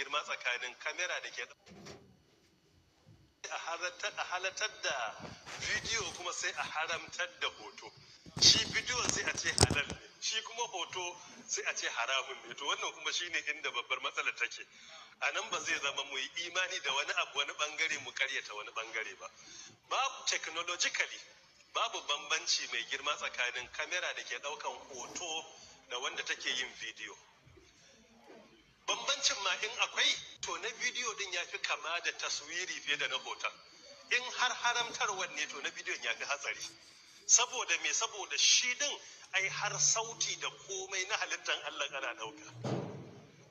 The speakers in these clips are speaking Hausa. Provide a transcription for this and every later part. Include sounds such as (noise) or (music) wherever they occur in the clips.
girma tsakanin kamera da ke a halatar da bidiyo kuma sai a haramtar da hoto shi bidiyo sai a ce halal ne shi kuma hoto sai a ce haramun ne to wannan kuma shine inda babbar matsalar take a nan ba zai zama mu yi imani da wani abu wani bangare mu karyata wani bangare ba babu technologically babu bambanci mai girma tsakanin kamera da ke daukan hoto da wanda take yin bidiyo bambancin ma in akwai to na bidiyo din ya fi kama da taswiri fiye da na hoton in har haramtarwar ne to na bidiyon ya fi hatsari saboda me saboda shi din ai har sauti da komai na halittar Allah ana ɗauka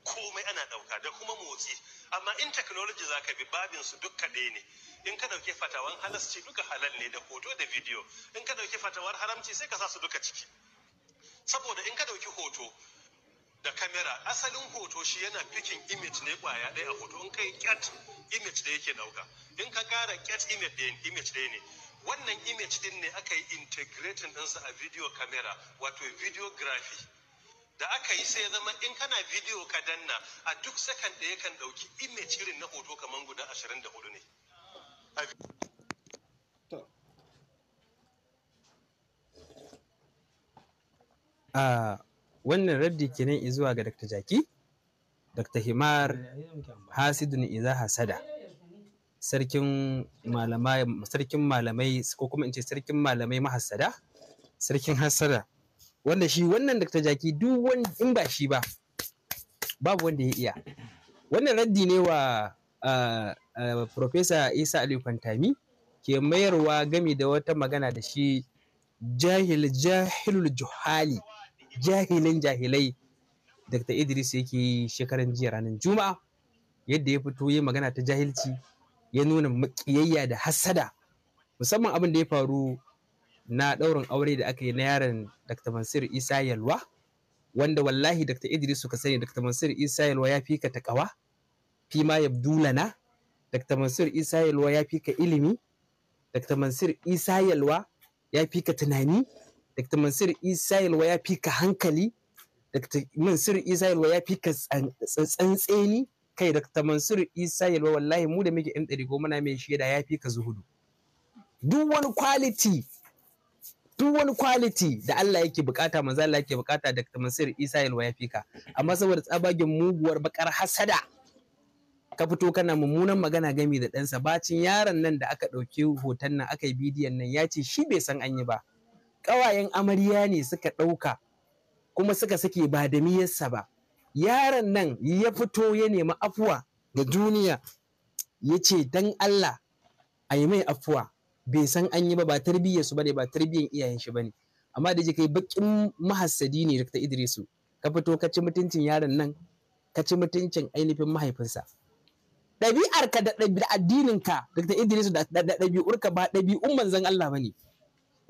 komai ana ɗauka da kuma motsi amma in technology za ka bi babin su duk kaɗai ne in ka ɗauki fatawan halasci duka halal ne da hoto da bidiyo in ka ɗauki fatawar haramci sai ka sa su duka ciki saboda in ka ɗauki hoto da kamera asalin hoto shi yana fikin image ne kwaya ɗaya a hoto in kai cat image da yake dauka in ka kara cat image ɗaya image ɗaya ne wannan image din ne aka yi integrating ɗinsa a video camera wato videography da aka yi sai zama in kana video ka danna a duk sakan ɗaya kan ɗauki image irin na hoto kamar guda 24 ne wannan raddi kenan zuwa ga Dr. Jaki Dr. Himar Hasidun Iza Hasada sarkin malamai sarkin malamai ko kuma in ce sarkin malamai mahassada sarkin hasada wanda shi wannan Dr. Jaki duk wani in ba shi ba babu wanda ya iya wannan raddi ne wa uh, uh, Professor Isa ali Fantami ke mayarwa gami da wata magana da shi jahil jahilul juhali jahilin jahilai Dr. Idris yake yi shekaran jiya ranar Juma'a yadda ya fito ya magana ta jahilci ya nuna makiyayya da hassada musamman abin da ya faru na ɗaurin aure da aka yi na yaron Dr. Mansur Isa Yalwa wanda wallahi Dr. Idris suka sani Dr. Mansur Isa Yalwa ya fi ka takawa fi ma ya dulana Dr. Mansur Isa Yalwa ya fi ka ilimi Dr. Mansur Isa Yalwa ya fi ka tunani Dr. Mansur Isa Yalwa ya fi ka hankali, Dr. Mansur Isa Yalwa ya fi ka tsantseni, kai Dr. Mansur Isa Yalwa wallahi mu da muke 'yan ɗari goma na mai shaida ya fi ka zuhudu. Duk wani quality duk wani quality da Allah yake bukata maza Allah yake bukata Dr. Mansur Isa Yalwa ya fi ka. Amma saboda tsabagen muguwar bakar hasada ka fito kana mummunan magana gami da ɗansa bacin yaron nan da aka ɗauki hoton nan aka yi bidiyon nan ya ce shi bai san an yi ba ƙawayen amarya ne suka ɗauka kuma suka sake ba da miyarsa ba yaron nan ya fito ya nemi afuwa da duniya ya ce dan Allah a yi mai afuwa bai san an yi ba ba tarbiyyar su bane ba tarbiyyar iyayen shi bane amma da kai bakin mahassadi ne Dr. Idrisu ka fito ka ci mutuncin yaron nan ka ci mutuncin ainihin mahaifinsa ɗabi'arka da addininka Dr. Idrisu da ɗabi'urka ba ɗabi'un manzon Allah bane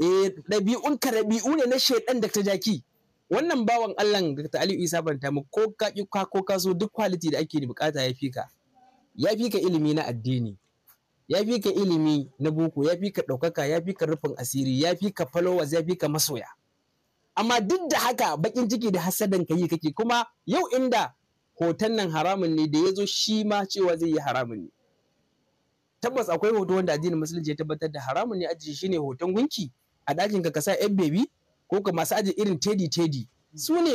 eh ɗabi'unka ɗabi'u ne na shaidan da ta jaki wannan bawan Allah da ta Aliyu Isa banta mu ko ka ka ko ka so duk kwaliti da ake bukata ya fi ka ya fi ka ilimi na addini ya fi ka ilimi na boko ya fi ka ɗaukaka ya fi ka rufin asiri ya fi ka followers ya fi ka masoya amma duk da haka bakin ciki da hasadan ka yi kake kuma yau inda hoton nan haramun ne da ya zo shi ma cewa zai yi haramun ne tabbas akwai hoto wanda addinin musulunci ya tabbatar da haramun ne shi shine hoton gunki a ɗakin ka sa yan bebi ko ka masu ajiye irin tedi tedi su ne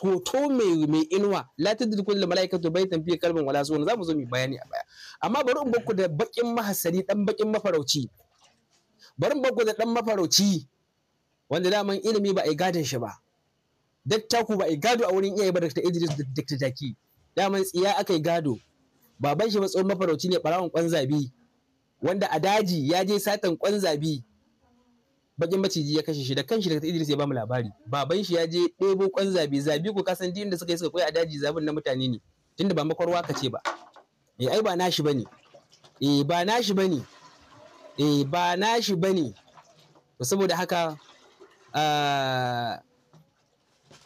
hoto mai mai inuwa la tadri kullu malaikatu baitan fi kalbin wala sunan zamu zo mu bayani a baya amma bari in bakku da bakin mahasari dan bakin mafarauci bari in bakku da dan mafarauci wanda daman ilimi ba a gadon shi ba dattaku ba a gado a wurin iyaye ba Dr. Idris da Dr. Jaki daman tsiya aka yi gado baban shi tsohon mafarauci ne barawon kwanzabi wanda a daji ya je satan kwanzabi bakin maciji ya kashe shi da kanshi daga Idris ya bamu labari baban shi ya je ɗebo kwan zabi zabi ko kasan din da suka yi suka koyi a daji zabin na mutane ne tunda ba makwarwa ka ce ba eh ai ba nashi bane eh ba nashi bane eh ba nashi bane to saboda haka ah,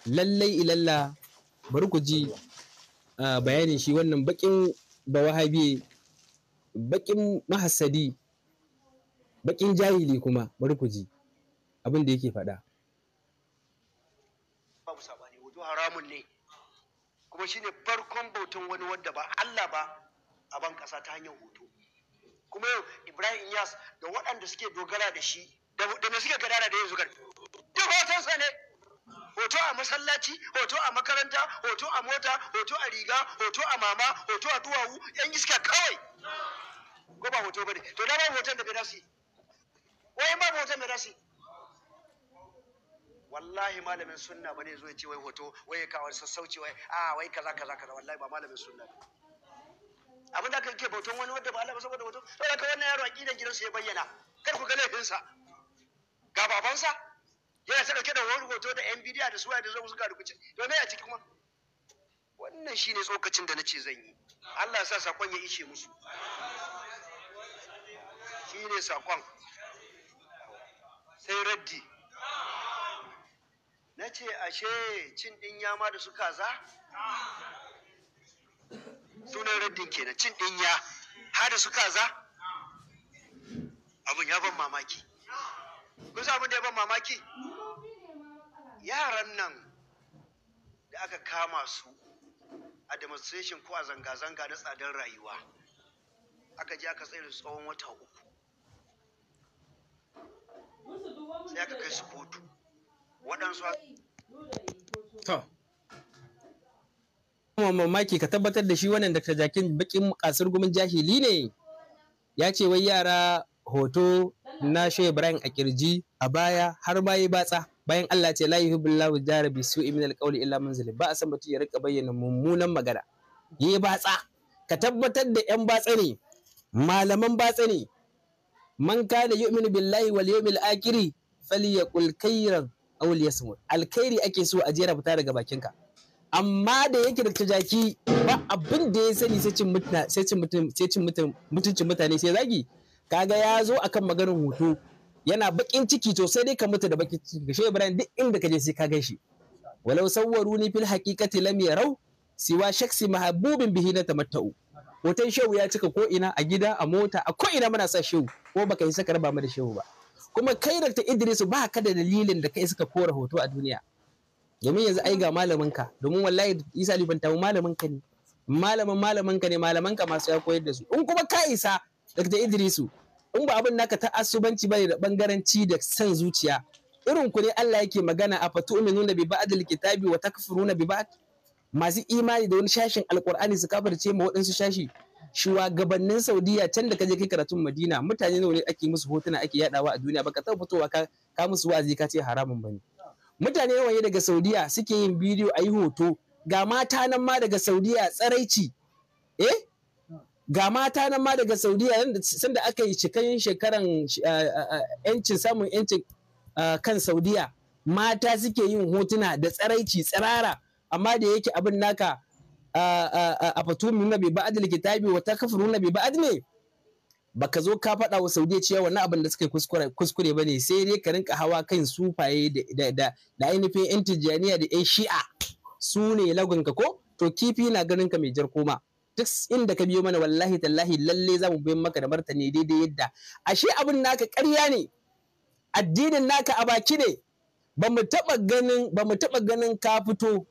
lallai ilalla bari ku ji ah, bayanin shi wannan bakin wahabi bakin mahasadi bakin jahili kuma bari ku ji abin da yake faɗa babu sabani wudu haramun ne kuma shine farkon bautan wani wanda ba Allah ba a ban kasa ta hanyar hoto kuma yau Ibrahim Iyas da waɗanda suke dogara da shi da me suke gadara da yanzu garfi duk hotonsa ne hoto a masallaci hoto a makaranta hoto a mota hoto a riga hoto a mama hoto a duwawu yan iska kawai ko ba hoto bane to da ba hoton da bai dasi wai ba hoton da dasi wallahi malamin sunna bane zo ya ce wai hoto wai ya kawo sassauci wai a ah, wai kaza kaza kaza wallahi ba malamin sunna ne abin da kake bautan wani wanda ba Allah ba saboda hoto to da wannan yaro gidan gidansa ya bayyana kar ku ga laifinsa ga babansa yana ta dauke da wani hoto da yan bidiya da suwaye da zo suka rubuce to me a cikin wannan wannan shine tsokacin da nace zan yi Allah ya sa sakon ya ishe musu shine sakon sai raddi na ce ashe cin ɗin yama da su kaza sunan raddin kenan cin ɗin ya har da su kaza abin ya ban mamaki kun abin da ya ban mamaki yaran nan da aka kama su a demonstration ko a zanga-zanga na tsadar rayuwa aka je aka tsere tsawon wata uku sai aka kai su kotu waɗansu to mamaki ka tabbatar da shi wannan Dr. Jakin bakin kasar gumin jahili ne ya ce wai yara hoto na Shehu Ibrahim a kirji a baya har ma yi batsa bayan Allah ce la yuhibbullahu jarabi su'i min alqawli illa man zalim ba a san mutum ya rika bayyana mummunan magana yi batsa ka tabbatar da yan batsa ne malaman batsa ne man kana yu'minu billahi wal yawmil akhir falyaqul khairan qawli mu alkhairi ake so a jera fita daga ka amma da yake da ta jaki ba abin da ya sani sai cin mutuncin mutane sai zagi kaga ya zo akan maganar hoto yana bakin ciki to sai dai ka mutu da bakin ciki shi Ibrahim duk inda ka je sai ka gaishe walau sawwaru ni fil haqiqati lam yarau siwa shaksi mahabubin bihi na tamatta'u hoton shehu ya cika ko ina a gida a mota a ko ina muna sa shehu ko baka yi saka raba mu da shehu ba kuma kai da Idris ba ka da dalilin da kai suka kora hoto a duniya domin yanzu ai ga malamin ka domin wallahi Isa Liban tawo malamin ka ne malamin malamin ka ne malaman masu ya koyar da su in kuma ka isa Dr. Idrisu in ba abin naka ta asubanci bane da bangaranci da san zuciya irin ku ne Allah yake magana a fatu'minuna bi ba'dil kitabi wa takfuruna bi ba'd masu imani da wani shashin alkur'ani su kafirce ma waɗansu shashi shugabannin saudiya can da kaje kai karatun madina mutane nawa ne ake musu hotuna ake yadawa a duniya baka taɓa fitowa ka ka musu wa'azi ka ce haramun bane mutane yawa ne daga saudiya suke yin bidiyo ayi hoto ga mata nan ma daga saudiya tsaraici eh ga mata nan ma daga saudiya sanda aka yi cikin shekaran eh, eh, yancin samun yancin eh, kan saudiya mata suke yin hotuna da tsaraici tsirara amma da yake abin naka A afatumuna bi ba'd alkitabi wa takfuruna bi ba'ad ne baka zo ka faɗa wa saudiya cewa wannan abin da suka kuskure ba ne. sai dai ka rinka hawa kan sufaye da da ainihin yan tijjaniya da yan shi'a su ne ka ko to kifi na ganin ka mai jar koma duk inda ka biyo mana wallahi tallahi lalle za mu bayan maka da martani daidai yadda ashe abin naka ƙarya ne addinin naka a baki ne ba mu taɓa ba mu taɓa ganin ka fito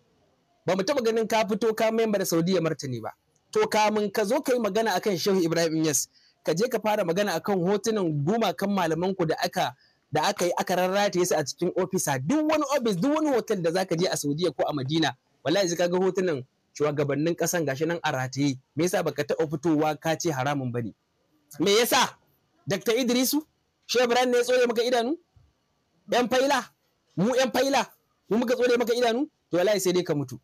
ba mu taɓa ganin ka fito ka memba da saudiya martani ba to kamun ka zo ka yi magana akan shehu ibrahim yes ka je ka fara magana akan hotunan gumakan malaman ku da aka da aka yi aka rarrata su a cikin ofisa duk wani ofis duk wani hotel da zaka je a saudiya ko a madina wallahi sai kaga hotunan shugabannin kasan gashi nan a rataye me yasa baka taɓa fitowa ka ce haramun bane me yasa dr idrisu shehu ibrahim ne ya tsore maka idanu yan faila mu yan faila mu muka tsore maka idanu to wallahi sai dai ka mutu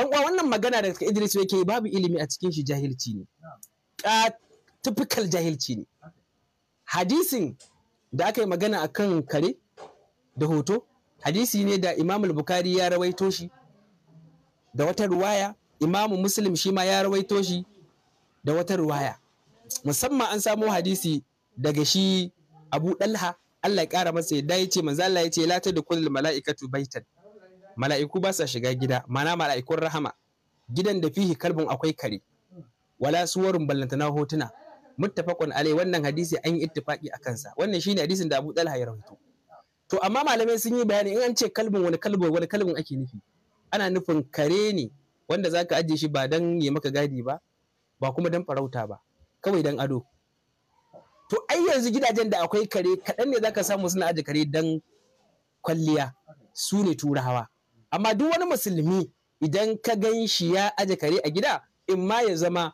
yan uwa wannan magana da Idris yake babu ilimi a cikin shi jahilci ne typical jahilci ne hadisin da aka yi magana akan kare da hoto hadisi ne da Imam Al-Bukari ya rawaito shi da wata ruwaya Imam Muslim shi ma ya rawaito shi da wata ruwaya musamman an samo hadisi daga shi Abu Dalha Allah ya kara masa yadda ya ce manzo Allah ya ce la tadkhulul mala'ikatu baitan mala'iku ba sa shiga gida mana mala'ikun rahama gidan da fihi kalbin akwai kare wala suwarun ballantana hotuna muttafaqun alai wannan hadisi an yi ittifaqi a kansa wannan shine hadisin da Abu Dalha ya rawaito to amma malamai sun yi bayani in an ce kalbin wani kalbo wani kalbin ake nufi ana nufin kare ne wanda zaka ajiye shi ba dan ya maka gadi ba ba kuma dan farauta ba kawai dan ado to ai yanzu gidajen da akwai kare kaɗan ne zaka samu suna aje kare dan kwalliya su ne turawa amma duk wani musulmi idan ka gan shi ya aje kare a gida in ma ya zama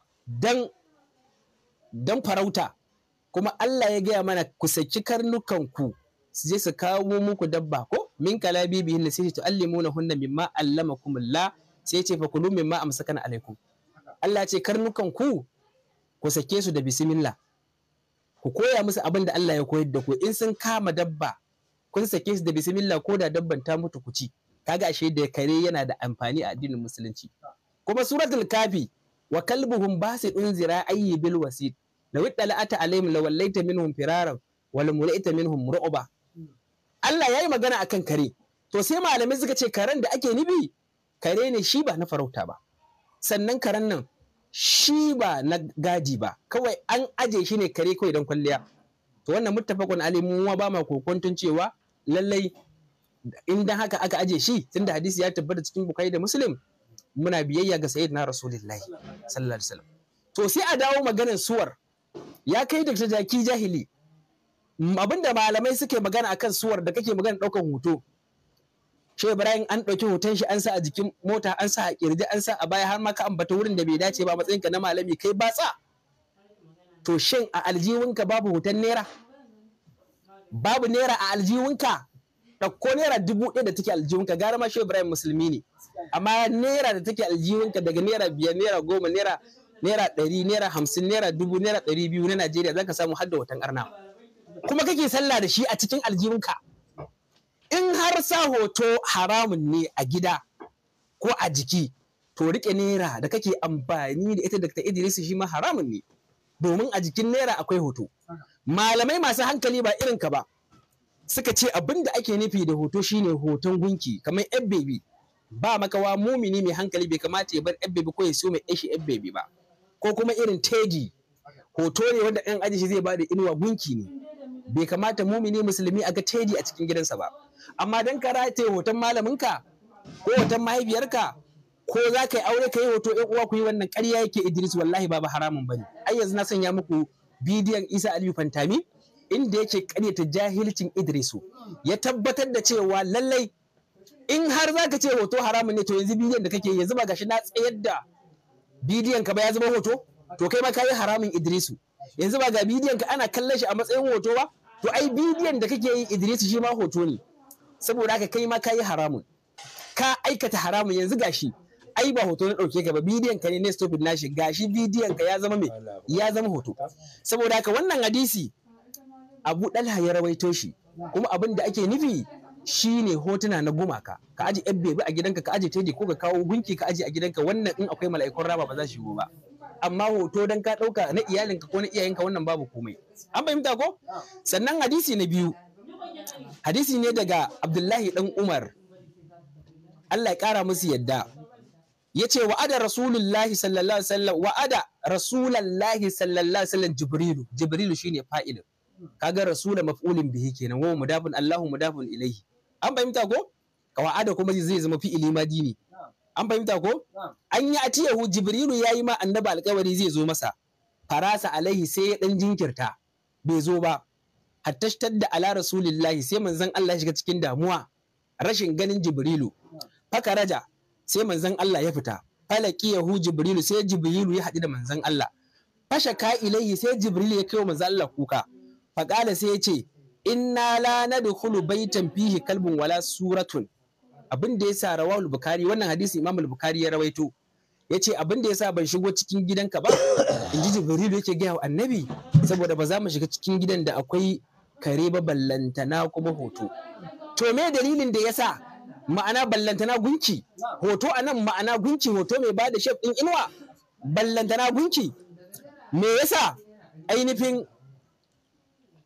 dan farauta kuma Allah ya gaya mana ku saki karnukanku su je su kawo muku dabba ko min kala bibihin na sai tu'allimuna hunna mimma allamakumullah sai ce fa kulu mimma amsakana alaikum Allah ce karnukanku ku sake su da bismillah ku koya musu abin da Allah ya koyar da ku in sun kama dabba kun sake su da bismillah ko da dabban ta mutu ku ci kaga ashe da kare yana da amfani a addinin musulunci kuma suratul kafi wa kalbuhum basidun ayi bil wasid law ata alaihim laita minhum firara wal mula'ita minhum ru'ba Allah yayi magana akan kare to sai malamai suka ce karen da ake nibi kare ne shi ba na farauta ba sannan karen nan shi ba na gadi ba kawai an aje shi ne kare kawai don kwalliya to wannan muttafaqun alaihi mu ba ma kokontun cewa lallai in dan haka aka aje shi tunda hadisi ya tabbata cikin bukai da muslim muna biyayya ga sayyidina rasulullahi sallallahu alaihi wasallam to sai a dawo maganar suwar ya kai da jaki jahili abinda malamai suke magana akan suwar da kake magana daukan hoto shi Ibrahim an ɗauki hoton shi an sa a jikin mota an sa a kirji an sa a baya har ma ka ambata wurin da bai dace ba ka na malami kai batsa to shin a aljiwinka babu hoton nera? babu nera a aljiwinka ɗauko naira dubu ɗaya da take aljihunka gara ma shi ibrahim musulmi ne amma naira da take aljihunka daga naira biyar naira goma naira naira ɗari naira hamsin naira dubu naira ɗari biyu na najeriya zaka samu har da watan arna kuma kake sallah da shi a cikin aljihunka in har sa hoto haramun ne a gida ko a jiki to rike naira da kake amfani da ita dr idris shi ma haramun ne domin a jikin naira akwai hoto malamai masu hankali ba irin ka ba suka ce abin da ake nufi da hoto shine hoton gunki kamar yan bebi ba makawa mumini mai hankali bai kamata ya bar yan ko ya siyo mai yashi yan bebi ba ko kuma irin teji hoto ne wanda ɗan aji shi zai bada inuwa gunki ne bai kamata mumini musulmi a ga teji a cikin gidansa ba amma dan ka rataye hoton malaminka ko hoton mahaifiyarka ko za ka yi aure ka yi hoto yan uwa ku yi wannan ƙarya yake Idris wallahi ba ba haramun bane ai yanzu na sanya muku bidiyon Isa Aliyu Fantami inda yake karyata jahilcin Idrisu ya tabbatar da cewa lallai in har za ka ce hoto haramun ne to yanzu bidiyon da kake yanzu ba gashi na tsayar da bidiyon ka ba ya zama hoto to kai ma kayi haramun Idrisu yanzu ba ga bidiyon ka ana kallon shi a matsayin hoto ba to ai bidiyon da kake yi Idrisu shi ma hoto ne saboda haka kai ma yi haramun ka aikata haramun yanzu gashi ai ba hoto na ɗauke ka ba bidiyon ka ne ne stupid nashi gashi bidiyon ka ya zama me ya zama hoto saboda haka wannan hadisi abu dalha ya rawaito shi kuma abin da ake nufi shine hotuna na gumaka ka aji yan bebe a gidanka ka aji teji ko ka kawo gunki ka aji a gidanka wannan in akwai mala'ikun raba ba za shi ba amma hoto dan ka ɗauka na iyalinka ko na iyayenka wannan babu komai an fahimta ko sannan hadisi na biyu hadisi ne daga abdullahi dan umar Allah ya kara musu yadda yace wa'ada rasulullahi sallallahu alaihi wasallam wa'ada rasulullahi sallallahu alaihi wasallam jibrilu jibrilu shine fa'ilin kaga rasula maf'ulin bihi kenan wa mudafun Allahu mudafun ilaihi an fahimta ko kawa'ada kuma zai zama fi'ili dini. an fahimta ko an yi atiyahu jibrilu yayi ma annabi alƙawari zai zo masa farasa alaihi sai ya dan jinkirta bai zo ba hattashtar da ala rasulillahi sai manzon Allah shiga cikin damuwa rashin ganin jibrilu fakaraja sai manzon Allah ya fita falaki yahu jibrilu sai jibrilu ya haɗu da manzon Allah fashaka ilaihi sai jibrilu ya kai wa manzon Allah kuka faƙala sai ya ce in inna la bai baitan fihi kalbin wala suratun abin da ya sa rawar bukari wannan hadisi imam bukhari ya rawaito ya ce, abin da ya sa ban shigo cikin gidanka ba in ji jibril yake gaya wa annabi saboda ba za mu shiga cikin gidan da akwai kare ba ballantana kuma hoto to me dalilin da yasa ma'ana ballantana gunki hoto anan ma'ana gunki hoto mai bada shef din inuwa ballantana gunki me yasa ainihin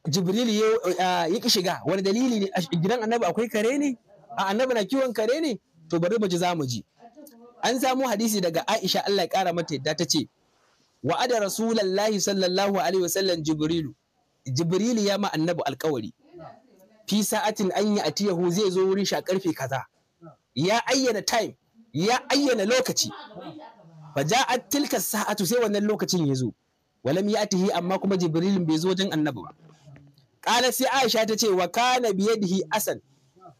jibril ya ki shiga wani dalili ne a gidan annabi akwai kare ne a annabi na kiwon kare ne to bari mu ji za mu ji an samu hadisi daga aisha Allah ya kara mata yadda ta ce wa'ada rasulullahi sallallahu alaihi wasallam Jibril Jibril ya ma annabi alkawari fi sa'atin an yi atiyahu zai zo wurin shi a karfe kaza ya ayyana time ya ayyana lokaci fa ja'at tilka sa'atu sai wannan lokacin ya zo walam ya'tihi amma kuma jibrilin bai zo wajen annabi ba Ƙala sai Aisha ta ce wa kana biyadihi asan.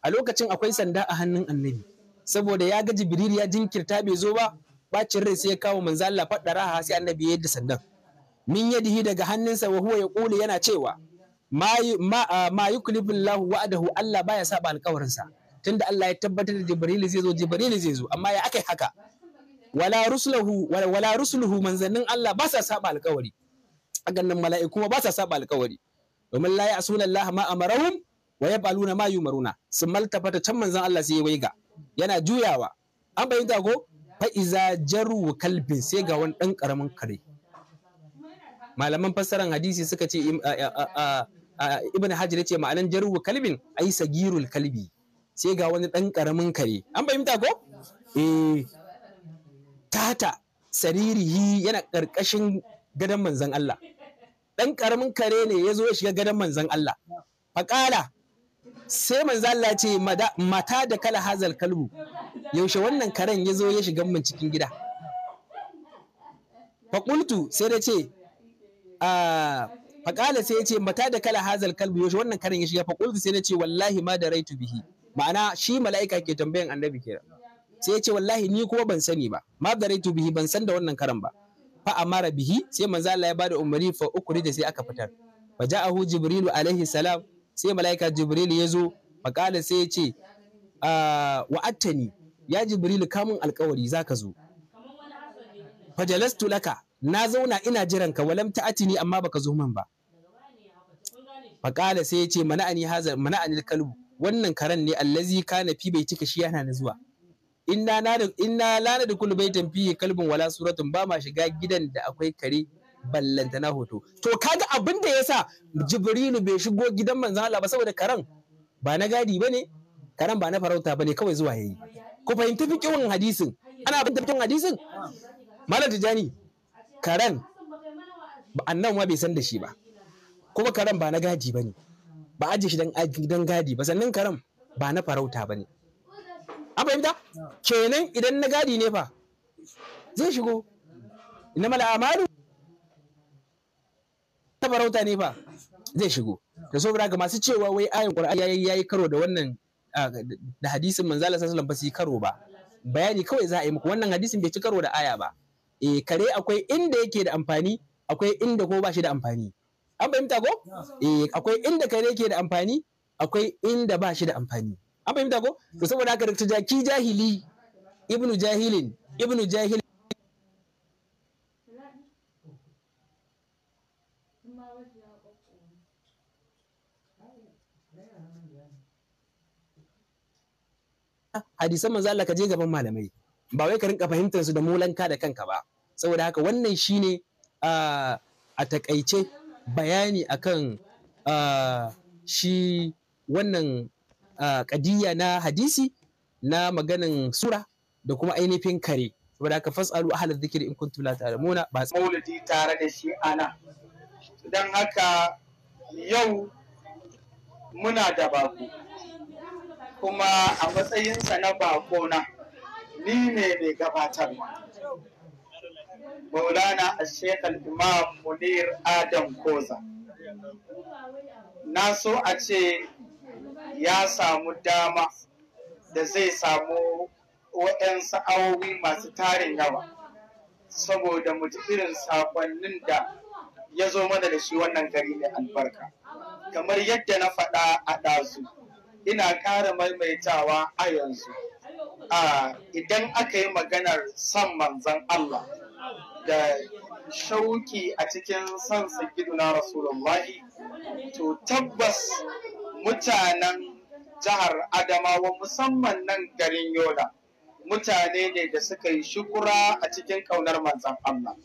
A lokacin akwai sanda a hannun annabi. Saboda ya ga Jibril ya jinkirta bai zo ba, bacin rai sai ya kawo manzo Allah faɗa raha sai annabi ya da sandan. Min yadihi daga hannunsa wa huwa yaqulu yana cewa ma yuklibu Allah wa'adahu Allah baya saba alƙawarinsa. Tunda Allah ya tabbatar da Jibril zai zo Jibril zai zo amma ya akai haka. Wala rusuluhu wala rusuluhu manzannin Allah ba sa saba alƙawari. A ganin mala'iku ba sa saba alƙawari. domin la ya'suna Allah ma amarahum wa yaf'aluna ma yumaruna sun maltafata can manzon Allah sai ya waiga yana juyawa an bayyana ko fa iza jaru kalbin sai ga wani dan karamin kare malaman fassaran hadisi suka ce ibn hajar yace ce ma'anan jaru kalbin ai sagirul kalbi sai ga wani dan karamin kare an fahimta ko eh tata saririhi yana karkashin gadon manzon Allah ɗan ƙaramin kare ne ya zo ya shiga gadon manzan Allah faƙala sai manzan Allah ce mata da kala hazal kalbu yaushe wannan karen ya zo ya shiga min cikin gida faƙultu sai da ce faƙala sai ya ce mata da kala hazal kalbu yaushe wannan karen ya shiga faƙultu sai na ce wallahi ma da raitu bihi ma'ana shi mala'ika ke tambayan annabi kenan sai ya ce wallahi ni kuma ban sani ba ma da raitu bihi ban san da wannan karen ba fa amara bihi sai manzo Allah ya bada umarni fa da sai aka fitar fa ja'ahu jibrilu alaihi salam sai malaika jibril ya zo fa kala sai ya ce ah, wa attani ya jibrilu kamun alkawari zaka zo fa jalastu laka na zauna ina jiran ka walam ta'atini amma baka zo min ba fa kala sai ya ce mana'ani hazar mana'ani kalbu wannan karen ne allazi kana fi bai cika shi yana na zuwa inna na inna da kullu baitin fihi kalbun wala suratun ba ma shiga gidan da akwai kare ballanta na hoto to kaga abin da yasa jibrilu bai shigo gidan manzon Allah ba saboda karan ba na gadi bane karan ba na farauta bane kawai zuwa yayi ku fahimta fiqhin hadisin ana bin fiqhin hadisin malam tijani karan annabi ma bai san da shi ba kuma karan ba na gadi bane ba aje shi dan gidan gadi ba sannan karan ba na farauta bane an fahimta kenan idan na gadi ne fa zai shigo na mal'amalu ta farauta ne fa zai shigo da saboda ga masu cewa wai ayin ya yi karo da wannan ah, da hadisin manzala sallallahu ba su yi karo ba bayani kawai za a yi muku wannan hadisin bai ci karo da aya ba eh kare akwai inda yake da amfani akwai inda ko ba shi da amfani an fahimta ko eh akwai inda kare yake da amfani akwai inda ba shi da amfani an fahimta ko to saboda haka Dr. Jaki Jahili Ibnu Jahilin Ibnu Jahil hadisan manzo Allah ka je gaban malamai ba wai ka rinka fahimtar su da mulanka da kanka ba saboda haka wannan shine ah, a takaice bayani akan ah, shi wannan kadiyya na hadisi na maganin sura da kuma ainihin kare saboda haka fasalu ahla zikiri in kuntum la ta'lamuna ba maulidi tare da shi ana dan haka yau muna da bako kuma a matsayinsa na bakona ni ne mai gabatarwa maulana a shekar imam munir adam koza na so a ce ya samu dama da zai samu waɗansu awowi masu tarin yawa saboda mu ji irin sakonnin da ya zo mana da shi wannan gari mai albarka kamar yadda na faɗa a ɗazu ina ƙara maimaitawa a yanzu idan aka yi maganar son manzan Allah da shauki a cikin son na rasulullahi to tabbas mutanen jihar Adamawa musamman nan garin Yola mutane ne da suka yi shukura a cikin ƙaunar manzan Allah.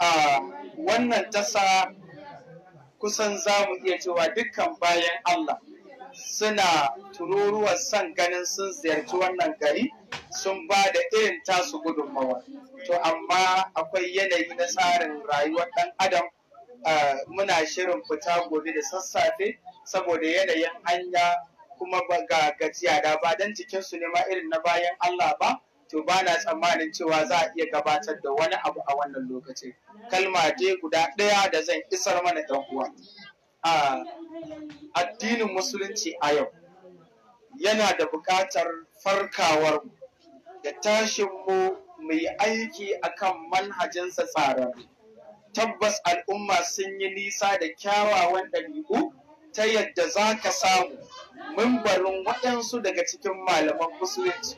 A wannan tasa kusan za mu iya cewa dukkan bayan Allah suna tururuwar son ganin sun ziyarci wannan gari sun ba da irin tasu gudunmawa. To amma akwai yanayi na tsarin rayuwar ɗan Adam. muna shirin fita gobe da sassafe saboda yanayin hanya kuma ga gajiya da ba dan don su ne ma irin na bayan Allah ba to ba na tsammanin cewa za a iya gabatar da wani abu a wannan lokacin kalma dai guda ɗaya da zan isar mana ɗan uwa addinin musulunci a yau yana da buƙatar farkawar da tashin mu mai aiki akan manhajinsa tsararru tabbas al'umma sun yi nisa da kyawawan ɗabi'u ta yadda za ka samu mimbarin waɗansu daga cikin malaman musulunci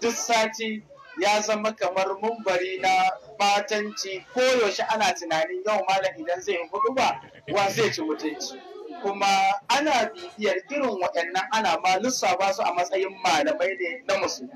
duk sati ya zama kamar mumbari na batanci koyaushe ana tunanin yau malam idan zai hudu ba wa zai ci mutunci kuma ana bibiyar irin waɗannan ana ma lissafa su a matsayin malamai ne na musu,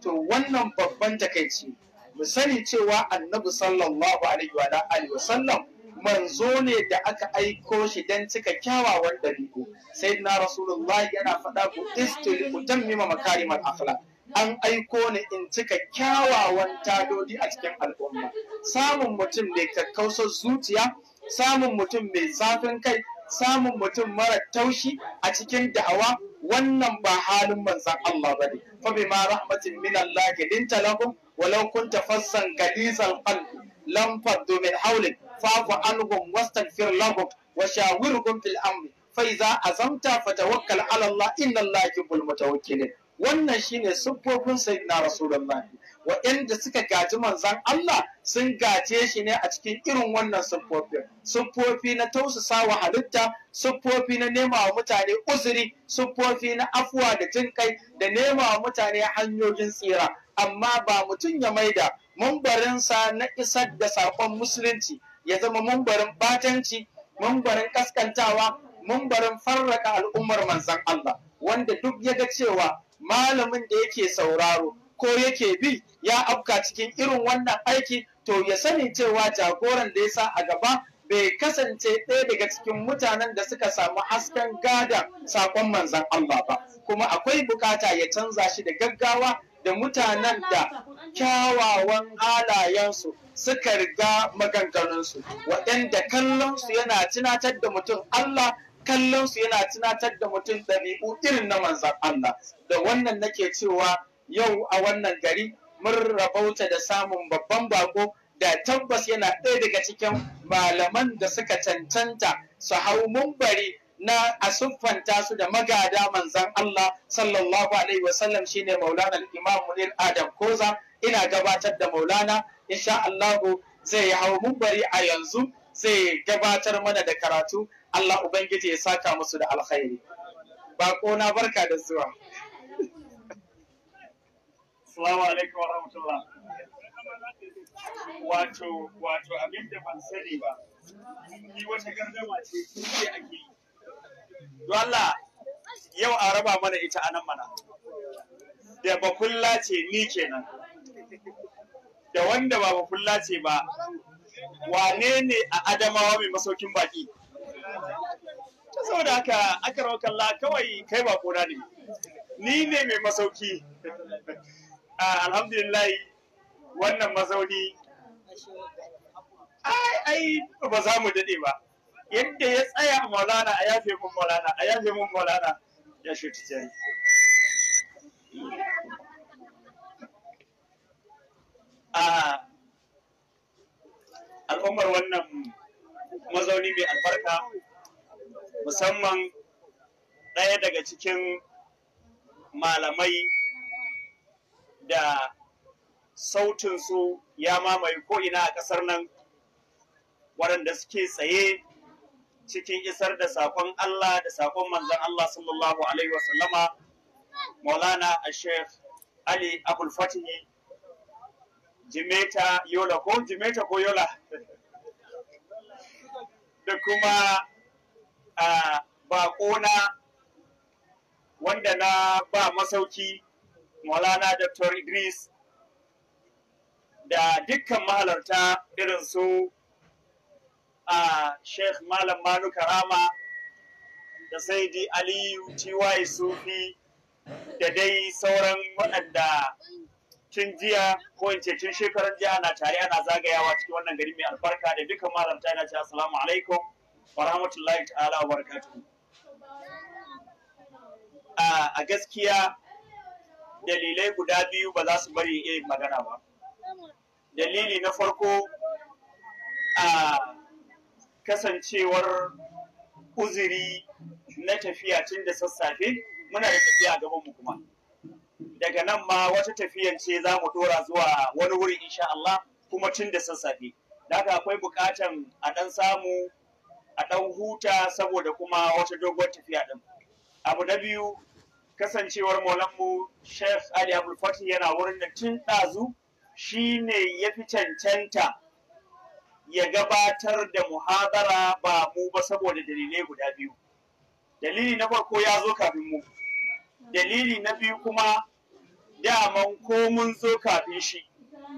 to wannan babban takaici mu sani cewa annabi sallallahu alaihi wa alihi wa sallam manzo ne da aka aiko shi dan cika kyawawan ɗabi'u sai na rasulullah yana faɗa ku istil ku tammima makarimar akhlaq an aiko ni in cika kyawawan tadodi a cikin al'umma samun mutum mai kakkausar zuciya samun mutum mai zafin kai samun mutum mara taushi a cikin da'awa wannan ba halin manzan Allah bane fa bima rahmatin min Allah lahum walau kunta fassan galizan qalb lam faddu min hawlik fa'fu anhum wastaghfir lahum wa shawirhum fil amri fa idza azamta fatawakkal ala Allah inna Allah yuhibbul mutawakkilin wannan shine siffofin sayyidina rasulullahi waɗanda suka gaji manzan Allah sun gaje shi ne a cikin irin wannan siffofin siffofi na tausasa wa halitta siffofi na nema wa mutane uzuri siffofi na afuwa da jin kai da nema wa mutane hanyoyin tsira amma ba mutum ya maida mambarinsa na isar da saƙon musulunci ya zama mambarin batanci mambarin kaskantawa mambarin farraka al'ummar manzan Allah wanda duk ya ga cewa malamin da yake sauraro ko yake bi ya afka cikin irin wannan aiki to ya sani cewa jagoran da ya sa a gaba bai kasance ɗaya daga cikin mutanen da suka samu hasken gada sakon manzan Allah ba kuma akwai bukata ya canza shi da gaggawa da mutanen da kyawawan halayensu suka riga maganganunsu waɗanda kallonsu yana tunatar da mutum Allah kallonsu yana tunatar da mutum ɗabi'u irin na manzan Allah da wannan nake cewa yau a wannan gari mun rabauta da samun babban bako da tabbas yana ɗaya daga cikin malaman da suka cancanta su hau mumbari na a siffanta su da magada manzan Allah sallallahu alaihi wasallam shine maulana imam munir adam koza ina gabatar da maulana insha Allahu zai hau mumbari a yanzu zai gabatar mana da karatu Allah ubangiji ya saka musu da alkhairi bako na barka da zuwa Assalamu alaikum wa rahmatullah. Wato, wato abin da ban sani ba, ni wata gardama ce tun ce ake yi. Allah, yau a raba mana ita a nan mana. Da bakulla ce ni kenan. Da wanda ba bakulla ce ba, wane ne a adamawa mai masaukin baki? Saboda haka, aka rawa kalla kawai kai ba ne. Ni ne mai masauki. Ah, alhamdulillah wannan mazauni ai ai ba za mu dade ba yadda ya tsaya maulana a yafe mun maulana a yafe mun maulana ya shi tijani a ah, al'ummar wannan mazauni mai albarka musamman ɗaya daga cikin malamai da sautinsu ya mamaye ko'ina a ƙasar nan waɗanda suke tsaye cikin isar da saƙon Allah da saƙon manzan Allah sallallahu Alaihi wasallama Maulana Ashef Ali Abul Fatihi Jimeta Yola ko Jimeta ko Yola da kuma ah, baƙona wanda na ba masauki Maulana Dr. Idris da dukkan mahalarta irin su a Sheikh Malam Manu Karama da Saidi Aliyu TY Sufi da dai sauran waɗanda tun jiya ko in ce tun shekaran jiya na tare ana zagayawa cikin wannan gari mai albarka da dukkan mahalarta na ce assalamu alaikum wa rahmatullahi ta'ala wa barakatuhu a gaskiya dalilai guda biyu ba za su bari iya yin magana ba dalili na farko a kasancewar uzuri na tafiya tun da sassafe muna da tafiya a gabanmu kuma daga nan ma wata tafiyan ce za mu dora zuwa wani wuri insha Allah kuma tun da sassafe Daga akwai bukatan a ɗan samu a ɗan huta saboda kuma wata doguwar tafiya ɗin abu na biyu kasancewar maulanmu Sheikh Ali AbulFati yana wurin da tun ɗazu shi ne ya fi cancanta ya gabatar da muhadara ba mu ba saboda dalilai guda biyu. Dalili na farko ya zo kafin mu, dalili na biyu kuma daman ko mun zo kafin shi,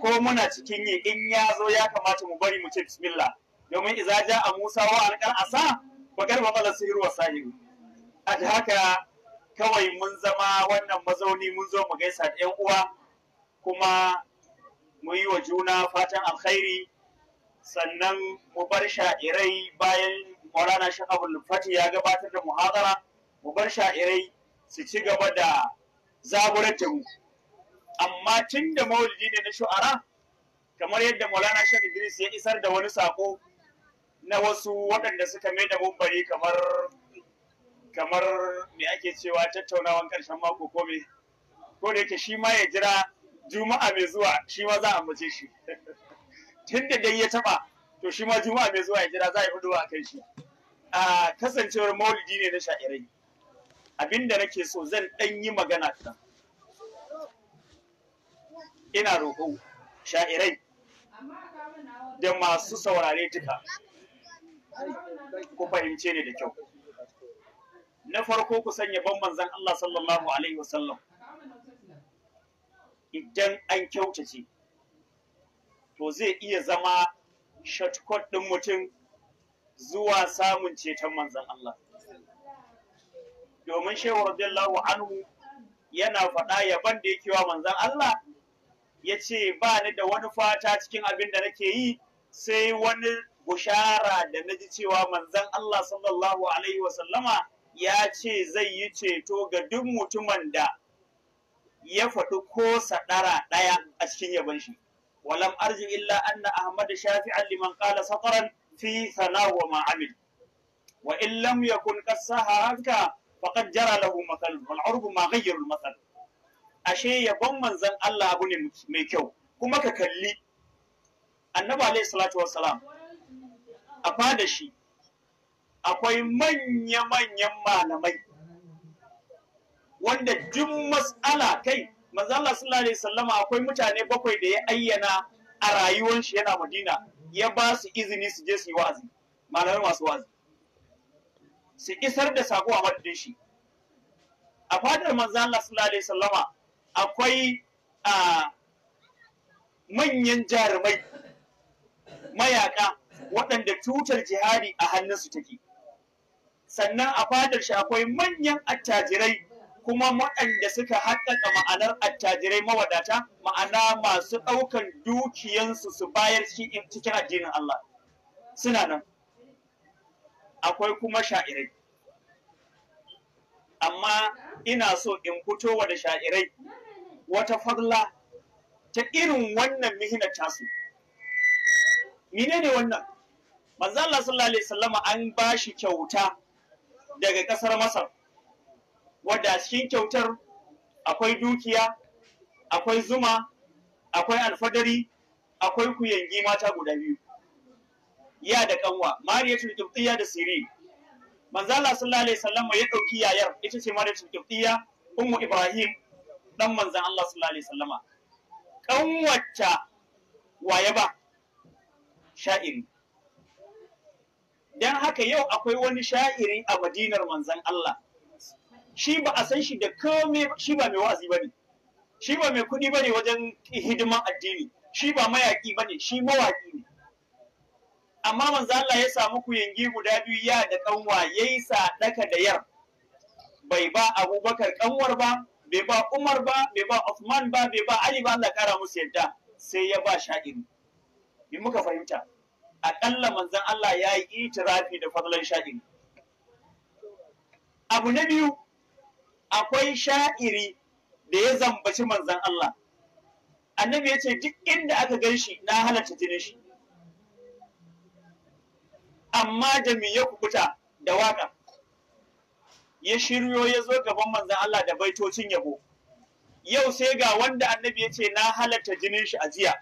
ko muna cikin yi in ya zo ya kamata mu bari mu ce bismillah. Domin iza ja a Musa wa alƙar asa, ƙarfafa matsalar sihiru wa sahiru. A haka kawai mun zama wannan mazauni mun zo mu gaisa da 'yan uwa kuma mu yi wa juna fatan alkhairi sannan mu bar sha'irai bayan Maulana Sheikh Abdul Fati ya gabatar da muhadara mu bar sha'irai su ci gaba da zaburar amma tun da maulidi ne na shu'ara kamar yadda Maulana Sheikh Idris ya isar da wani sako na wasu waɗanda suka mai da mumbari kamar kamar me ake cewa tattaunawan ƙarshen mako ko me ko da yake shi ma ya jira juma'a mai zuwa shi ma za a ambace shi (laughs) tun da dai ya taɓa to shi ma juma'a mai zuwa ya jira za a yi huduwa a kan shi a kasancewar maulidi ne na sha'irai abinda nake so zan ɗan yi magana ta ina roƙo sha'irai da masu saurare duka ku fahimce ne da kyau na farko ku sanya ban manzan Allah sallallahu alaihi wasallam idan an kyautace to zai iya zama shortcut ɗin mutum zuwa samun ceton manzan Allah domin shehu radiyallahu anhu yana faɗa yaban da yake wa manzan Allah ya ce ba ni da wani fata cikin abin da nake yi sai wani bushara da na ji cewa manzan Allah sallallahu alaihi wasallama ya ce zai yi ceto ga duk mutumin da ya faɗi ko saɗara ɗaya a cikin yabon shi. Walam ila illa anna Ahmad shafi liman qala sataran fi sana wa ma'amil. Wa in lam yakun qasaha haka faqad jara lahu mathal wal ma ghayyaru mathal. Ashe yabon manzon Allah abu ne mai kyau kuma ka kalli Annabi alaihi salatu wassalam a fada shi akwai manya-manyan malamai wanda duk matsala kai manzala sallallahu alaihi sallama akwai mutane bakwai da ya ayyana a rayuwar shi yana madina ya ba su izini su je su wazi malamai masu wazi su isar da sako a madadin shi a fadar manzala sallallahu alaihi sallama akwai a manyan jarumai mayaka waɗanda tutar jihadi a hannunsu take sannan a fadar shi akwai manyan attajirai kuma waɗanda suka haƙaƙa ma'anar attajirai mawadata ma'ana masu ɗaukan dukiyansu su bayar cikin addinin Allah suna nan akwai kuma sha'irai amma ina so in fito wa da sha'irai wata farla ta irin wannan mihinar tasu ne wannan manzan Allah sallallahu alaihi wasallama an bashi kyauta daga ƙasar Masar, wadda a cikin kyautar akwai dukiya, akwai zuma, akwai alfadari, akwai kuyangi mata guda biyu. Ya da kanwa, Mariyatul Kibtiya da Siri. Manzo Allah sallallahu alaihi wasallam ya dauki yayar ita ce Mariyatul Kibtiya, Ummu Ibrahim, dan manzon Allah sallallahu alaihi wasallama. Kanwata waye ba? Sha'iri. don haka yau akwai wani sha'iri a madinar manzan Allah shi ba a san shi da kome shi ba mai wa'azi bane shi ba mai kuɗi bane wajen hidiman addini shi ba mayaƙi bane shi mawaƙi ne amma manzo Allah ya samu yangi guda biyu ya da kanwa yayi sadaka da yar bai ba Abubakar ƙanwar ba bai ba Umar ba bai ba Usman ba bai ba Ali ba Allah kara musu yadda sai ya ba sha'iri in muka fahimta aƙalla manzan Allah ya yi itirafi da fadlan sha'iri abu na biyu akwai sha'iri da ya zambaci manzan Allah annabi ya ce duk inda aka gan shi na halarta jinin shi amma da me ya kubuta da waka ya shiryo ya zo gaban manzan Allah da baitocin yabo yau sai ga wanda annabi ya ce na halarta jinin shi a jiya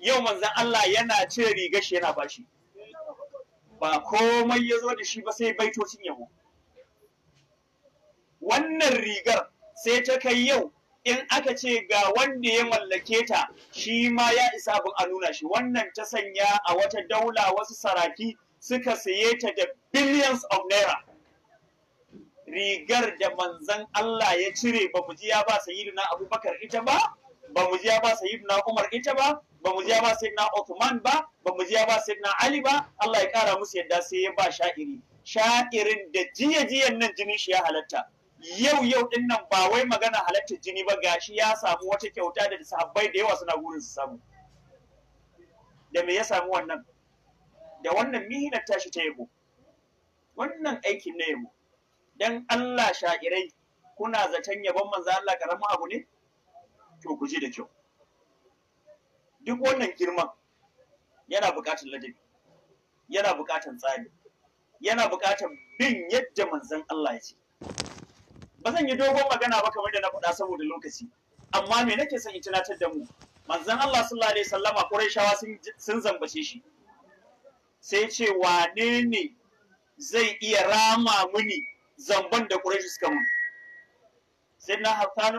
yau manzan Allah yana cire rigar shi yana bashi ba komai ya zo da shi ba sai baitocin yabo wannan rigar sai ta kai yau in aka ce ga wanda ya mallake ta shi ma ya isa abin a nuna shi wannan ta sanya a wata daula wasu saraki suka saye ta da billions of naira rigar da manzan Allah ya cire ba ji ya ba sayyidina abubakar ita ba ba mu ji ba ba na Umar ita ba ba mu ji ba ba na Uthman ba ba mu jiya ba ba na Ali ba Allah ya kara musu yadda sai ya ba sha'iri sha'irin da jiya jiyan nan jinin shi ya halatta yau yau din nan ba wai magana halatta jini ba gashi ya samu wata kyauta da sahabbai da yawa suna gurin su samu da me ya samu wannan da wannan mihinar tashi ta yabo wannan aikin na yabo dan Allah sha'irai kuna zaton yabon manzo Allah karamin abu ne to ku da kyau duk wannan girman yana buƙatar ladabi yana buƙatar tsari yana buƙatar bin yadda manzon Allah ya ce ba zan yi dogon magana ba kamar da na faɗa saboda lokaci amma me nake son in tunatar da mu manzon Allah sallallahu alaihi wasallama Qurayshawa sun sun zambace shi sai ce wane ne zai iya rama muni zamban da Quraysh suka mun sai na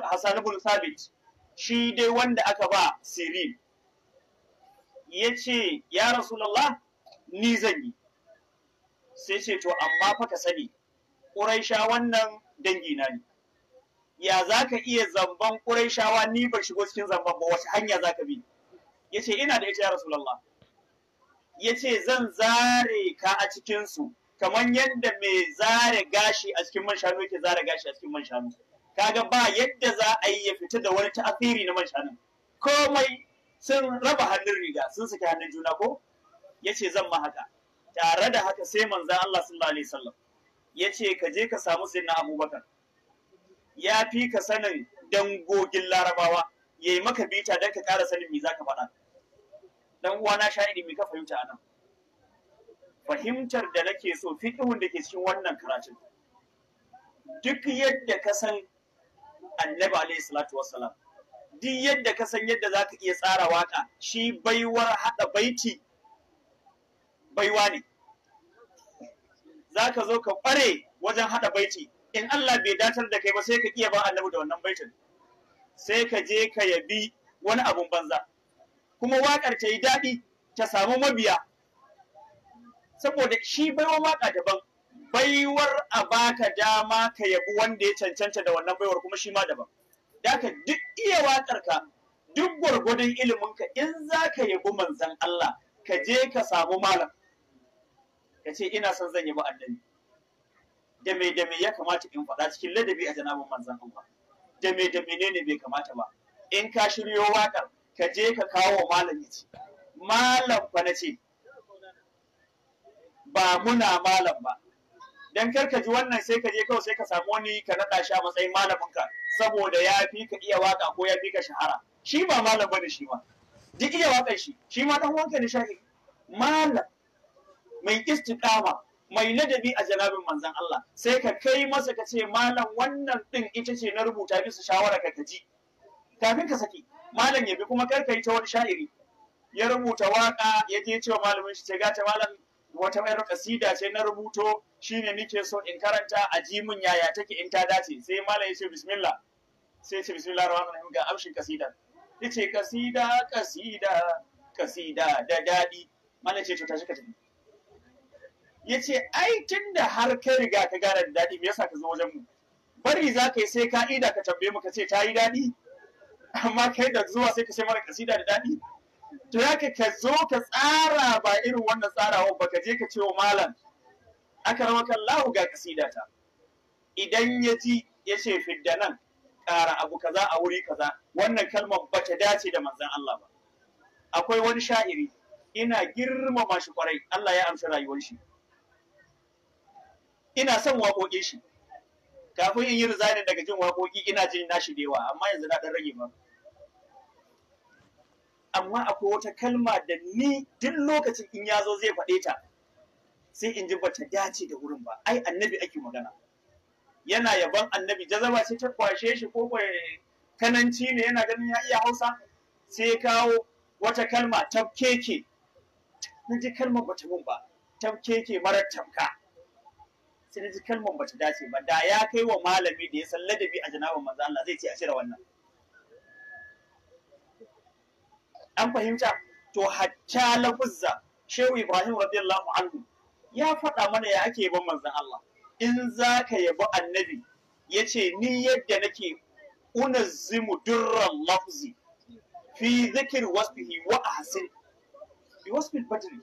Hassan ibn Thabit shi dai wanda aka ba siri ya ce ya rasulallah ni zan yi sai ce to amma fa ka sani ƙuraisha wannan dangina ne ya za ka iya zamban ƙuraishawa ni ban shigo cikin zamban ba wasu hanya za ka bi ya ce ina da ita ya rasulallah ya ce zan zare ka a cikinsu kamar yadda mai zare gashi a cikin man shanu yake zare gashi a cikin man shanu kaga ba yadda za a yi ya fita da wani ta'asiri na mashanin komai sun raba hannun riga sun saki hannun juna ko yace zan ma haka tare da haka sai manzon Allah sallallahu alaihi wasallam yace ka je ka samu sayyidina Abubakar ya fi ka sanin dangogin larabawa yayi maka bita dan ka ƙara sanin me zaka faɗa dan uwa na sha'idi me ka fahimta anan fahimtar da nake so fiqhun da ke cikin wannan karatun duk yadda ka san annabi alayhi salatu wassalam duk yadda ka san yadda zaka iya tsara waka shi baiwar hada baiti baiwa ne zaka zo ka kware wajen hada baiti in Allah bai datar da kai ba sai ka iya ba annabi da wannan baitin sai ka je ka yabi wani abun banza kuma wakar ta yi daɗi ta samu mabiya saboda shi baiwa waka daban baiwar a baka dama ka yabi wanda ya cancanta da wannan baiwar kuma shi ma daban daka duk iya ka duk gwargwadon ka in za ka yabi manzan Allah ka je ka samu malam ka ce ina son zan yabi addini da me da me ya kamata in faɗa cikin ladabi a janabin manzan Allah da me da ne bai kamata ba in ka shiryo waƙar ka je ka kawo malam ya ce malam fa na ce ba muna malam ba dan kar ka ji wannan sai ka je kawai sai ka samu wani ka naɗa shi a matsayin malaminka saboda ya fi ka iya waka ko ya fi ka shahara shi ba malam bane shi ma duk iya wakan shi shi ma dan wanka ne shahi malam mai istiqama mai ladabi a janabin manzon Allah sai ka kai masa ka ce malam wannan din ita ce na rubuta bisa shawara ka ka ji kafin ka saki malam ya bi kuma kar ka yi ta wani sha'iri ya rubuta waka ya je cewa malamin shi ce gata malam wata mayar kasida ce na rubuto shine nike so in karanta a ji mun yaya take in ta dace sai malam ya ce bismillah sai ya ce bismillah rahman rahim ga amshin kasida yace kasida kasida kasida da dadi malam ce to tashi ka tafi yace ai tunda har kai riga ka gara da dadi me yasa ka zo wajen mu bari za ka yi sai ka ida ka tambaye mu ka ce ta yi dadi amma kai da zuwa sai ka ce mara kasida da dadi to yake ka zo ka tsara ba irin wannan tsarawa ba ka je ka ce wa malam aka rawa kallahu ga kasidata idan ya ji ya ce fidda nan ƙara abu kaza a wuri kaza wannan kalmar ba ta dace da manzan Allah ba akwai wani sha'iri ina girmama shi kwarai Allah ya amsa rayuwar shi ina son waƙoƙin shi kafin in yi rizanin daga jin waƙoƙi ina jin nashi da yawa amma yanzu na ɗan rage ba amma akwai wata kalma da ni duk lokacin in ya zo zai faɗe ta sai in ji ba ta dace da wurin ba ai annabi ake magana yana yaban annabi jazaba sai ta kwashe shi ko kananci ne yana ganin ya iya hausa sai ya kawo wata kalma tafkeke na ji kalmar bata mun ba tafkeke marar tamka sai na ji kalmar bata dace ba da ya kai wa malami da ya san ladabi a janaban manzo Allah zai ce a shirya wannan an fahimta to hatta lafuzza shehu ibrahim radiyallahu anhu ya faɗa mana ya ake yabon manzon Allah in za ka yabo annabi ya ce ni yadda nake unazzimu durran lafzi fi zikir wasfihi wa ahsin bi wasfil badri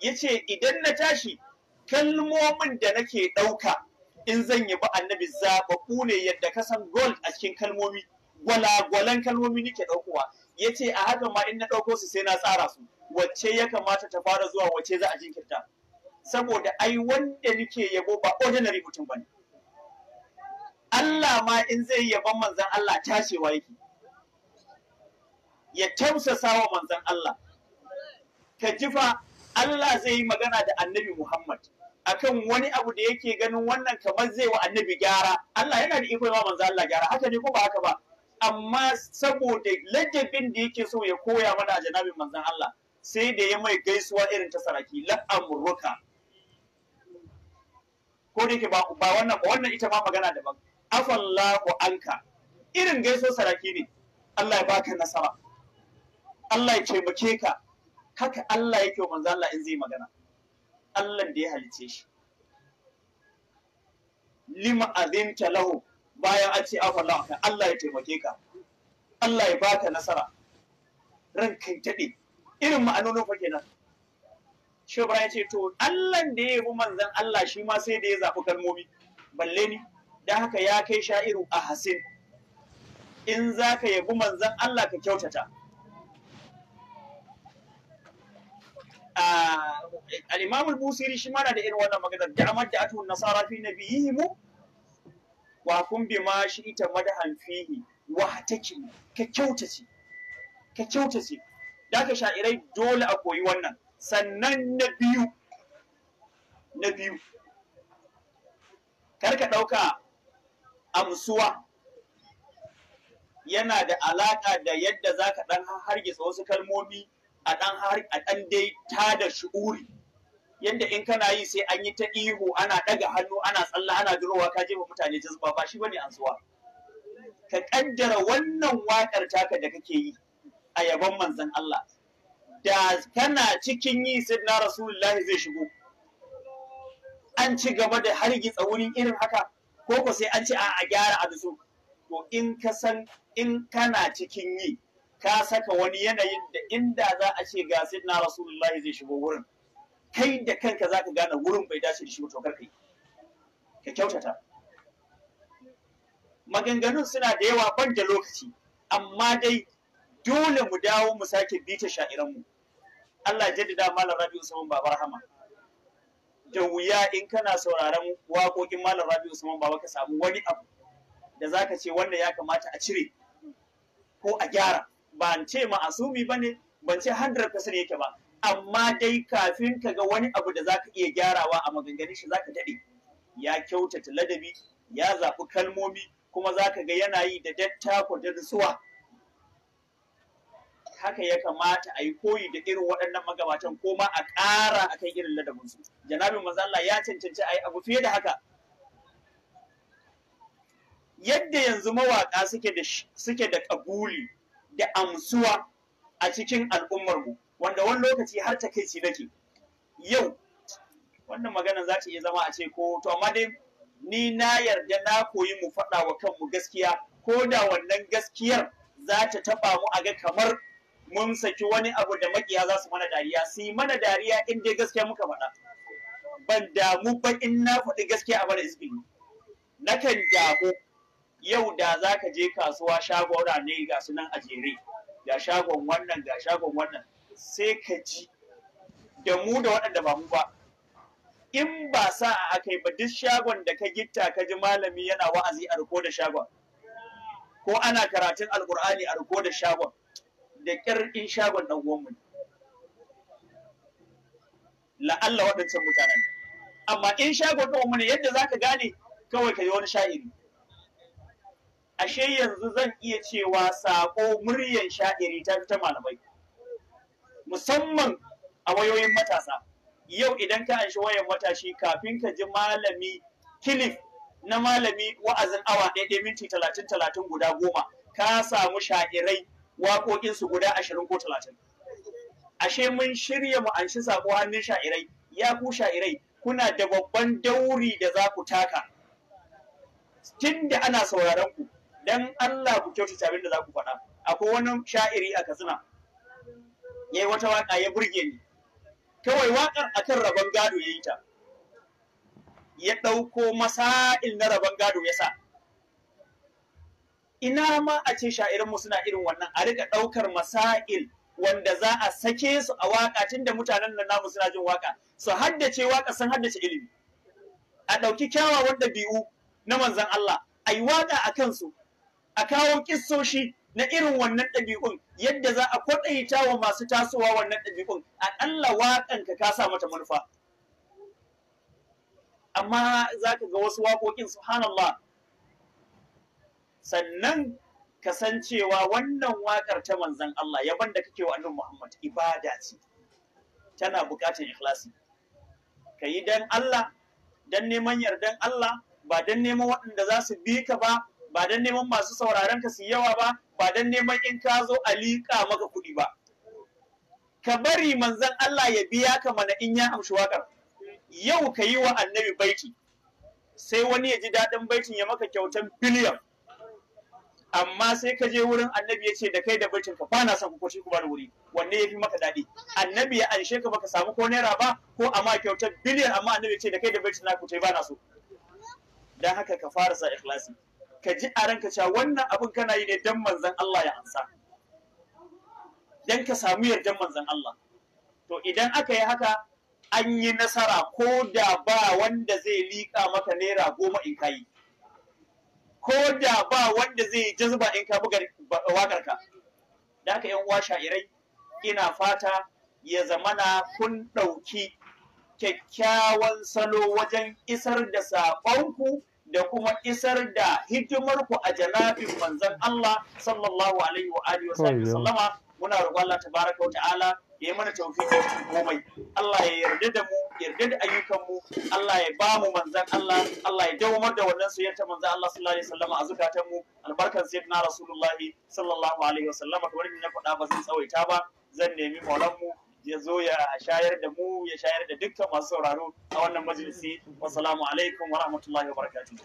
ya ce idan na tashi kalmomin da nake ɗauka in zan yabi annabi zaɓaɓɓu ne yadda ka san gold a cikin kalmomi gwalagwalan kalmomi nake ɗaukowa ya ce a haka ma in na ɗauko su sai na tsara su wacce ya kamata ta fara zuwa wacce za a jinkirta saboda ai wanda nake yabo ba ordinary mutum bane Allah ma in zai yaban manzon Allah tashewa yake ya tausasa wa manzon Allah ka jifa Allah zai yi magana da annabi Muhammad akan wani abu da yake ganin wannan kamar zai wa annabi gyara Allah yana da iko ya manzon Allah gyara haka ne ko ba haka ba amma saboda ladabin da yake so ya koya mana a janabin manzan Allah sai da ya mai gaisuwa irin ta saraki la'amurruka ko da yake ba wannan ba wannan ita ma magana daban afallahu anka irin gaiso saraki ne Allah ya baka nasara Allah ya taimake ka haka Allah yake wa manzan Allah in zai magana Allah da ya halice shi lima azinta lahu bayan an ce afallahu ka Allah ya taimake ka Allah ya baka nasara ran kai daɗe irin ma'anonin fa kenan shi ya ce to Allah da ya yi manzan Allah shi ma sai da ya zaɓi kalmomi balle ni da haka ya kai sha'iru a hasin in za ka yabi manzan Allah ka kyautata al'imamul busiri shi mana da irin wannan maganar damar da atu nasara fi nabiyihimu wa kun bi ma shi ita madahan fihi wa take ka ce ka ce da ka sha'irai dole a koyi wannan sannan na biyu na biyu kar ka ɗauka amsuwa yana da alaƙa da yadda za ka ɗan hargitsa wasu kalmomi a ɗan dai ta da shi'uri. yanda in kana yi sai an yi ta ihu ana daga hannu ana tsalla ana durowa ka jefa mutane jazba ba shi bane zuwa. ka kaddara wannan wakar taka da kake yi a yaban manzon Allah da kana cikin yi sidna rasulullahi zai shigo an ci gaba da har hargitsa wurin irin haka ko ko sai an ce a gyara a dusu to in ka san in kana cikin yi ka saka wani yanayin da inda za a ce ga sidna rasulullahi zai shigo wurin kai da kanka za ka gane wurin bai dace da shi to kar ka ka kyautata maganganun suna da yawa ban da lokaci amma dai dole mu dawo mu sake bita mu. Allah ya jaddada malam Rabi'u Usman Baba Rahama da wuya in kana sauraron waƙoƙin malam Rabi'u Usman Baba ka samu wani abu da zaka ce wannan ya kamata a cire ko a gyara ba ce ma ma'asumi bane ban ce 100% yake ba amma dai kafin ka ga wani abu da zaka iya gyarawa a maganganun shi zaka dade ya kyautata ladabi ya zaɓi kalmomi kuma zaka ga yana yi da dattako da nutsuwa haka ya kamata a yi koyi da irin waɗannan magabatan ko ma a ƙara a kan irin ladabinsu janabin mazalla ya cancanci ayi abu fiye da haka yadda yanzu mawaƙa suke da ƙabuli da amsuwa a cikin al'ummarmu wanda wani lokaci har ta kai nake yau wannan magana za ta iya zama a ce ko to amma dai ni na yarda na koyi mu faɗa wa kanmu gaskiya ko da wannan gaskiyar za ta taɓa mu a ga kamar mun saki wani abu da makiya za su mana dariya su mana dariya in dai gaskiya muka faɗa ban damu ba in na faɗi gaskiya a mana izbini nakan damu yau da za ka je kasuwa shagon ne ga sunan a jere ga shagon wannan ga shagon wannan sai ka ji da mu da waɗanda ba mu ba in ba sa aka yi ba duk shagon da ka gita ka ji malami yana wa'azi a riko da shagon ko ana karatun Alƙur'ani a riko da shagon da ƙyar in shagon ɗan gomu. ne la'alla waɗancan mutanen amma in shagon ɗan gomu ne yadda za ka gane kawai ka yi wani sha'iri ashe yanzu zan iya cewa saƙo muryan sha'iri ta fita malamai musamman a wayoyin matasa yau idan ka anshi wayan matashi kafin ka ji malami kilif na malami wa'azin awa ɗaya minti talatin talatin guda goma ka samu sha'irai waƙoƙinsu guda ashirin ko talatin ashe mun shirya mu anshi saƙo hannun sha'irai ya ku sha'irai kuna da babban dauri da za ku taka tun da ana sauraron ku dan Allah ku kyautata abin da za ku faɗa akwai wani sha'iri a Katsina ya yi wata waka ya burge ni kawai wakar akan rabon gado ya yi ta ya ɗauko masa'il na rabon gado ya sa ina ma a ce sha'irinmu suna irin wannan a riƙa ɗaukar masa'il wanda za a sake su a waƙa tun da mutanen nan namu suna jin waka su haddace waka sun haddace ilimi a ɗauki kyawawan ɗabi'u na manzan Allah a yi waka a kansu a kawo ƙissoshi na irin wannan ɗabi'un yadda za a kwaɗaita wa masu tasowa wannan ɗabi'un a ɗalla waƙanka ka sa mata manufa amma za ka ga wasu waƙoƙin subhanallah sannan kasancewa wannan waƙar ta manzan Allah yaban da kake wa annabi Muhammad ibada ce tana buƙatar ikhlasi ka yi dan Allah dan neman yardan Allah ba dan neman waɗanda za su bi ka ba ba dan neman masu sauraron ka su yawa ba ba dan neman in ka zo a liƙa maka kuɗi ba ka bari manzon Allah ya biya ka mana in ya amshi waƙar yau ka yi wa annabi baiti sai wani ya ji daɗin baitin ya maka kyautan biliyan amma sai ka je wurin annabi ya ce da kai da baitin ka kwana son shi ku bani wuri wanne ya fi maka daɗi annabi ya anshe ka baka samu ko naira ba ko amma kyautar biliyan amma annabi ya ce da kai da baitin na ku ba na so Don haka ka fara sa ikhlasi ka ji a ranka cewa wannan abin kana yi ne don manzan Allah ya ansa don ka samu yardan manzan Allah to idan aka yi haka an yi nasara ko da ba wanda zai liƙa maka naira goma in kayi ko da ba wanda zai jazuba in ka buga waƙarka da haka yan uwa sha'irai ina fata ya zamana kun ɗauki kyakkyawan salo wajen isar da saƙonku da kuma isar da hidimarku a janabin manzan Allah sallallahu alaihi wa alihi wa sallama muna roƙon Allah tabaraka wa ta'ala ya yi mana da komai Allah ya yarda da mu yarda da ayyukan mu Allah ya ba mu manzan Allah Allah ya dawamar da wannan soyayya manzan Allah sallallahu alaihi wasallam a zukatan mu albarkan sayyidina rasulullahi sallallahu alaihi wasallam kamar ne na faɗa ba zan tsawaita ba zan nemi mu ya zo ya shayar da mu ya shayar da dukkan masu sauraro a wannan majalisi wasalamu alaikum wa rahmatullahi wa barakatuh